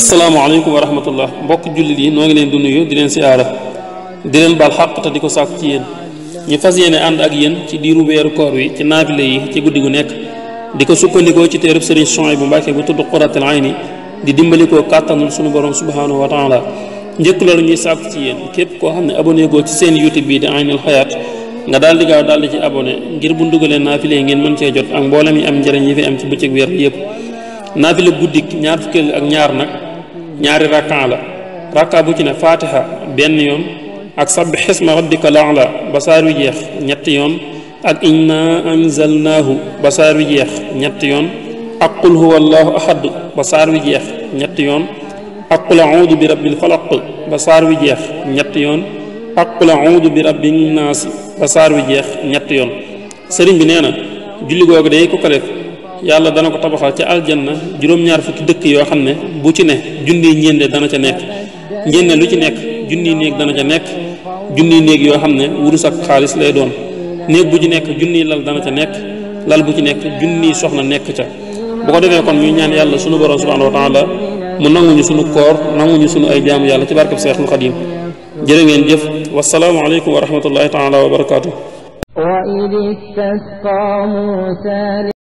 asalaamaaleykum wa rahmatullah mbokk jullit yi noo ngi leen di nuyu di leen si aara di leen baal xàq te di ko sàkk ci yéen ñu fas yéene ànd ak yéen ci diiru weeru koor wi ci naafile yi ci guddi gu nekk di ko sukkandikoo ci téereb sëriñ bu Mbàkke bu tudd Qurratul Ayni di dimbalikoo kàttanul sunu borom subhaanahu wa taala njëkk loolu ñuy sàkk ci yéen képp koo xam ne abonné goo ci seen youtube bi di Aynul Hayaat nga daal di gaaw daal di ci abonné ngir bu ndugalee naafile yi ngeen mën cee jot ak mboolem yi am njëriñ yi fi am ci bëccëg weer yëpp naafila guddik ñaar fukkeel ak ñaar nag ñaari rakkan la rakka bu ci ne fatiha benn yoon ak sabbi xisma rabbika laala ba saar wi jeex ñetti yoon ak inna anzalnaahu ba saar wi jeex ñetti yoon ak qul huwa allahu ahad ba saar wi jeex ñetti yoon ak qul audu bi rabbil falaq ba jeex ñetti yoon ak qul audu bi rabbin naas ba jeex ñetti yoon sëriñ bi nee julli googu day ku ko def yàlla dana ko tabaxal ci aljanna juróom-ñaar fukki dëkk yoo xam ne bu ci ne junniy ñeende dana ca nekk ñeende lu ci nekk junniy néeg dana ca nekk junniy néeg yoo xam ne wurus ak xaalis lay doon néeg bu ci nekk junniy lal dana ca nekk lal bu ci nekk junniy soxna nekk ca bu ko defee kon ñu ñaan yàlla sunu borom subhanahu wa taala mu nanguñu sunu koor nanguñu sunu ay jaamu yàlla ci barkab Seexul Xadiim jërë ngeen jëf wasalaamu aleykum wa rahmatullahi taala wa barakaatu.